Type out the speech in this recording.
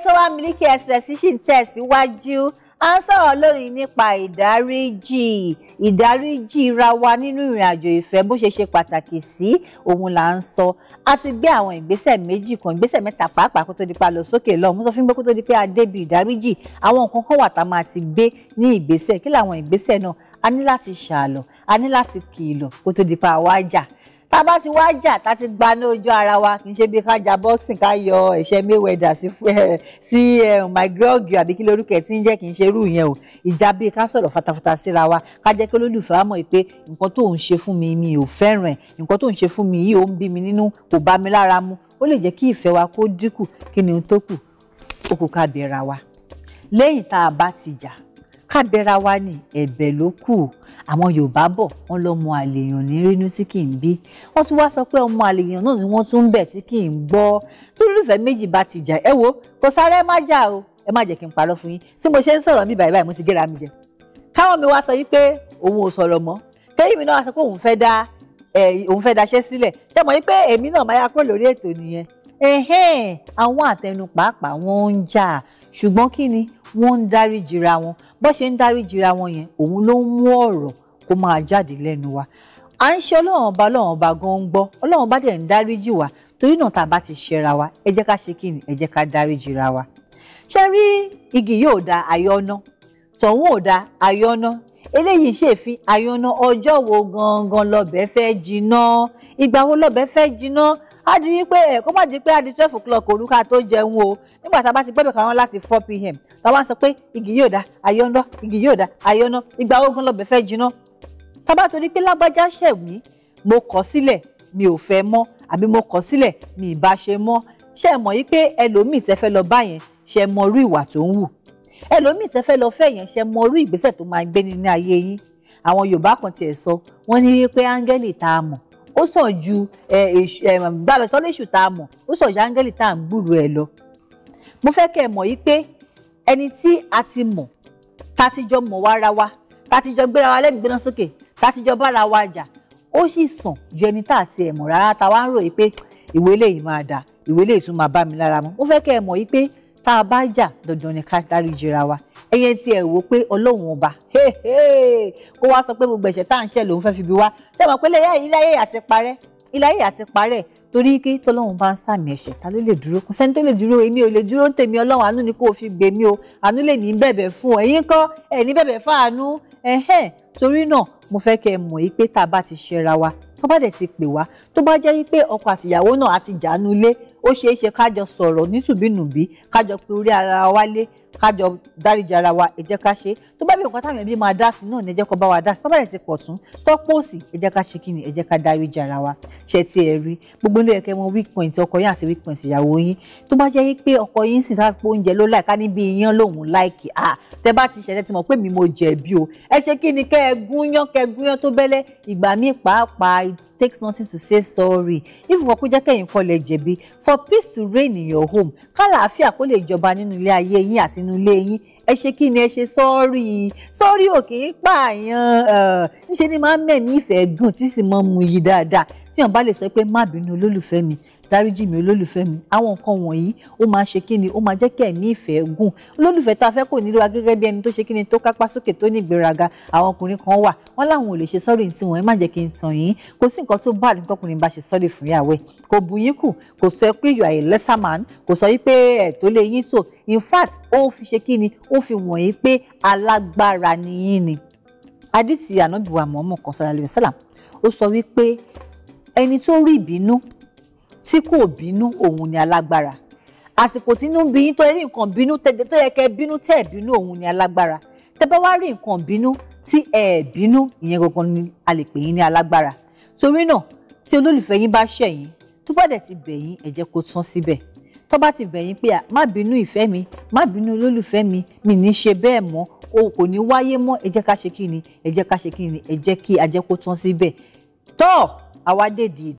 ètò wa Miliki Express ṣì ń tẹ̀síwájú à ń sọ̀rọ̀ lónìí nípa ìdáríjì ìdáríjì ra wa nínú ìrìn àjò ìfẹ́ bó ṣe ṣe pàtàkì sí òun là ń sọ a ti gbé àwọn ìgbésẹ̀ méjì kan ìgbésẹ̀ mẹ́ta pàápàá kó tó di pa lọ sókè lọ mo sọ fún pé kó tó di pé a débi ìdáríjì àwọn nǹkan kan wà tá a máa ti gbé ní ìgbésẹ̀ kí làwọn ìgbésẹ̀ náà a ní láti ṣàlọ̀ a ní láti kìlọ̀ kó tó di pa àwa jà tá a bá ti wá jà tá a ti gba ní ojú ara wa kì í ṣe bí ká ja boxing ká yọ ẹ̀ṣẹ́ Mayweather sí eh, sí eh, mcgregor àbí kí lórúkẹ tí ń jẹ́ kì í ṣe irú yẹn o ìjà bí ká sọ̀rọ̀ fatafata síra wa ká jẹ́ kí olólùfẹ́ wa mọ̀ pé nǹkan tó ń ṣe fún mi mi ò fẹ́ràn ẹ̀ nǹkan tó ń ṣe fún mi yìí ó ń bí mi nínú kò bá mi lára mu ó lè jẹ́ kí ìfẹ́ wa kó dínkù kí ni tó kù ó kù ká bẹ̀ra wa lẹ́yìn tá a bá ti jà ká bẹra wa ní ẹ̀bẹ̀ ló kù àwọn yorùbá bọ̀ wọ́n lọ́mọ àlèyàn ní rínú tí kì í bí wọ́n tún wá sọ pé ọmọ àlèyàn náà ni wọ́n tún ń bẹ̀ tí kì í gbọ́ tólùfẹ́ méjì bá ti jà ẹ wo kò sáré má jà o ẹ má jẹ́ kí n parọ́ fún yín tí mo ṣe ń sọ̀rọ̀ mi báyìí mo ti gẹ́ra mi jẹ káwọn mi wá sọ yí pé òun ò sọ̀rọ̀ mọ́ kẹ́yìn mi náà sọ pé òun fẹ́ dá òun fẹ́ daṣẹ́ sílẹ̀ ṣé mo yí pé èmi náà máa yá kúrò lórí ètò nìyẹn àwọn àtẹnu pàápàá wọn ń jà ṣùgbọ́n kí ni wọ́n ń dárí jìra wọn bó ṣe ń dárí jìra wọn yẹn òun ló ń mú ọ̀rọ̀ kó máa jáde lẹ́nu wa à ń ṣe ọlọ́run ọba ọlọ́run ọba gan ń gbọ́ ọlọ́run ọba dẹ̀ ń dárí jì wá torí náà tá a bá ti ṣẹra wa ẹ jẹ́ ká ṣe kí ni ẹ jẹ́ ká dárí jìra wa ṣe rí igi yóò da àyọ́nà tọ̀hún ò da àyọ́nà eléyìí ṣèfin àyọ́nà ọjọ́ wo gangan lọ́bẹ̀ fẹ́ jiná ìgbà wo lọ́bẹ̀ fẹ́ jiná á di wípé kó má di pé á di twelve o'clock òru ká tó jẹun o nígbà tá a bá ti gbẹ́bẹ̀ kàrán láti four pm táwa ń sọ pé igi yóò da ayọ́nà igi yóò da ayọ́nà ìgbà ogun lọ́bẹ̀ fẹ́ jiná tá a bá torí pé lágbájá ṣẹ̀wí mo kọ̀ sílẹ̀ mi ò fẹ́ mọ́ àbí mo kọ̀ sílẹ̀ mi ì bá ṣe mọ́ ṣe mọ̀ yí pé ẹlòmíì tẹ́ fẹ́ lọ bá yẹn ṣe mọ irú ìwà tó ń wù ẹlòmíì tẹ́ fẹ́ lọ fẹ́ yẹn ṣe mọ irú ìgbésẹ̀ tó máa gbé nínú ayé yín àwọn Yorùbá kan tiẹ̀ sọ wọ́n ní wípé áńgẹ́lì tá a mọ̀ ó sàn ju gbàlọ́ sọ́lé èṣù tá a mọ̀ ó sàn ju áńgẹ́lì tá à ń gbúrú ẹ lọ mo fẹ́ kẹ́ ẹ mọ̀ yí pé ẹni tí a ti mọ̀ tá a ti jọ mọ̀ wá ara wa tá a ti jọ gbéra wa lẹ́gbẹ̀ẹ́ gbéná sókè tá a ti jọ bára wa jà ó sì sàn ju ẹni tá a ti ẹ̀ mọ̀ rárá tá a wá ń ròyìn pé ìwé eléyìí máa dà ìwé eléyìí tún máa bá mi lára mu mo fẹ́ kẹ́ ẹ mọ̀ yí pé tá a bá jà dandan ni ká dáríjì ra wa ẹyẹ tí ẹ wò pé ọlọ́run ọba kó wá sọ pé gbogbo ẹ̀ṣẹ̀ tá à ń ṣẹ̀ lòun fẹ́ fi bí wá ṣé mọ̀ pé iláyé àti parẹ́ iláyé àti parẹ́ torí kí tọ́lọ́run bá ń sàmì ẹ̀ṣẹ̀ ta ló lè dúró kò sẹ́ni tó lè dúró èmi ò lè dúró ń tèmi ọlọ́run àánú ni kó o fi gbé mi o àánú lè ní bẹ̀bẹ̀ fún ẹ̀yin kọ́ ẹ̀ bẹ̀bẹ̀ fún àánú ẹ̀hẹ́n torí náà mo fẹ́ kẹ́ ẹ mọ̀ yìí pé tá a bá ti ṣẹra wa tó bá dẹ̀ ti pè wá tó bá jẹ́ wípé ọkọ àtìyàwó náà àti jàánu ilé ó ṣeé ṣe kájọ sọ̀rọ̀ nítùbínùbí kájọ pé orí ara wálé kájọ dáríji ara wa ẹ jẹ́ ká ṣe tó bá bí nǹkan táwọn ẹbí máa dá sí náà ní ẹ jẹ́ kó bá wa dá sí tọ́bàlẹ̀ ti pọ̀ tún tọ́pọ̀ òsì ẹ ká ṣe kí ni ẹ ká dáríji ara wa ṣe ti ẹ̀ rí gbogbo ilé ẹ̀kẹ́ wọn weak point ọkọ yín àti weak point ìyàwó yín tó bá jẹ́ pé ọkọ yín sì dápò oúnjẹ ló láìka níbi iyán lòun láìkì à tẹ bá ti ṣẹlẹ̀ ti mọ̀ pé mi mo jẹ̀bi o ẹ ṣe kí ni kẹ́ ẹ gúnyán kẹ́ ẹ tó bẹ́lẹ́ ìgbà míì pàápàá it takes nothing to say sorry if ìfọ̀kú jẹ́ kẹ́yìn kọ́ for peace to reign in your home kálàáfíà kó lè jọba nínú ilé ayé yín àti inú ilé yín ẹ ṣe kí ni ẹ ṣe sọ́ọ̀rì sọ́ọ̀rì òkè pààyàn ńṣe ni máa ń mẹ̀mí ìfẹ́ gùn tí sì máa ń mu yí dáadáa tí wọ́n bá lè sọ pé má bínú olólùfẹ́ mi dáríjì mi olólùfẹ́ mi àwọn nǹkan wọ̀nyí ó máa ṣe kí ni ó máa jẹ́ kí ẹ̀mí ìfẹ́ gùn olólùfẹ́ tá a fẹ́ kò ní wa gẹ́gẹ́ bí ẹni tó ṣe kí ni tó kápá sókè tó ní ìgbéraga àwọn ọkùnrin kan wà wọ́n láwọn ò lè ṣe sọ́rí ní tiwọn ẹ má jẹ́ kí n tàn yín kò sí nǹkan tó bá àdínkọ́kùnrin bá ṣe sọ́rí fún ìyàwó ẹ̀ kò bù yín kù kò sọ pé you are a lesser man kò sọ pé ẹ̀ in fact ó fi ṣe kí ni ó ni yín ni adití ànábìwà mọ́mọ́ kan sálálẹ́ sálàm ó sọ wípé ẹni tó rí ìbínú tí kò bínú òun ni alágbára àsìkò tí inú bí yín tó rí nǹkan bínú tó yẹ kẹ́ bínú tẹ́ ẹ̀ bínú òun ni alágbára tẹ́ bá wá rí nǹkan bínú tí ẹ̀ bínú ìyẹn gangan ni a lè pè yín ní alágbára torí náà tí olólùfẹ́ yín bá ṣẹ̀ yín tó bá dẹ̀ ti bẹ̀ yín ẹ jẹ́ kó tán síbẹ̀ tó bá ti bẹ̀ yín pé má bínú ìfẹ́ mi má bínú olólùfẹ́ mi mi ní ṣe bẹ́ẹ̀ mọ́ o kò ní wáyé mọ́ ẹ jẹ́ ká ṣe kí ni ẹ jẹ́ ká ṣe kí ni ẹ kí a kó tán síbẹ̀ tọ́ àwa dèdè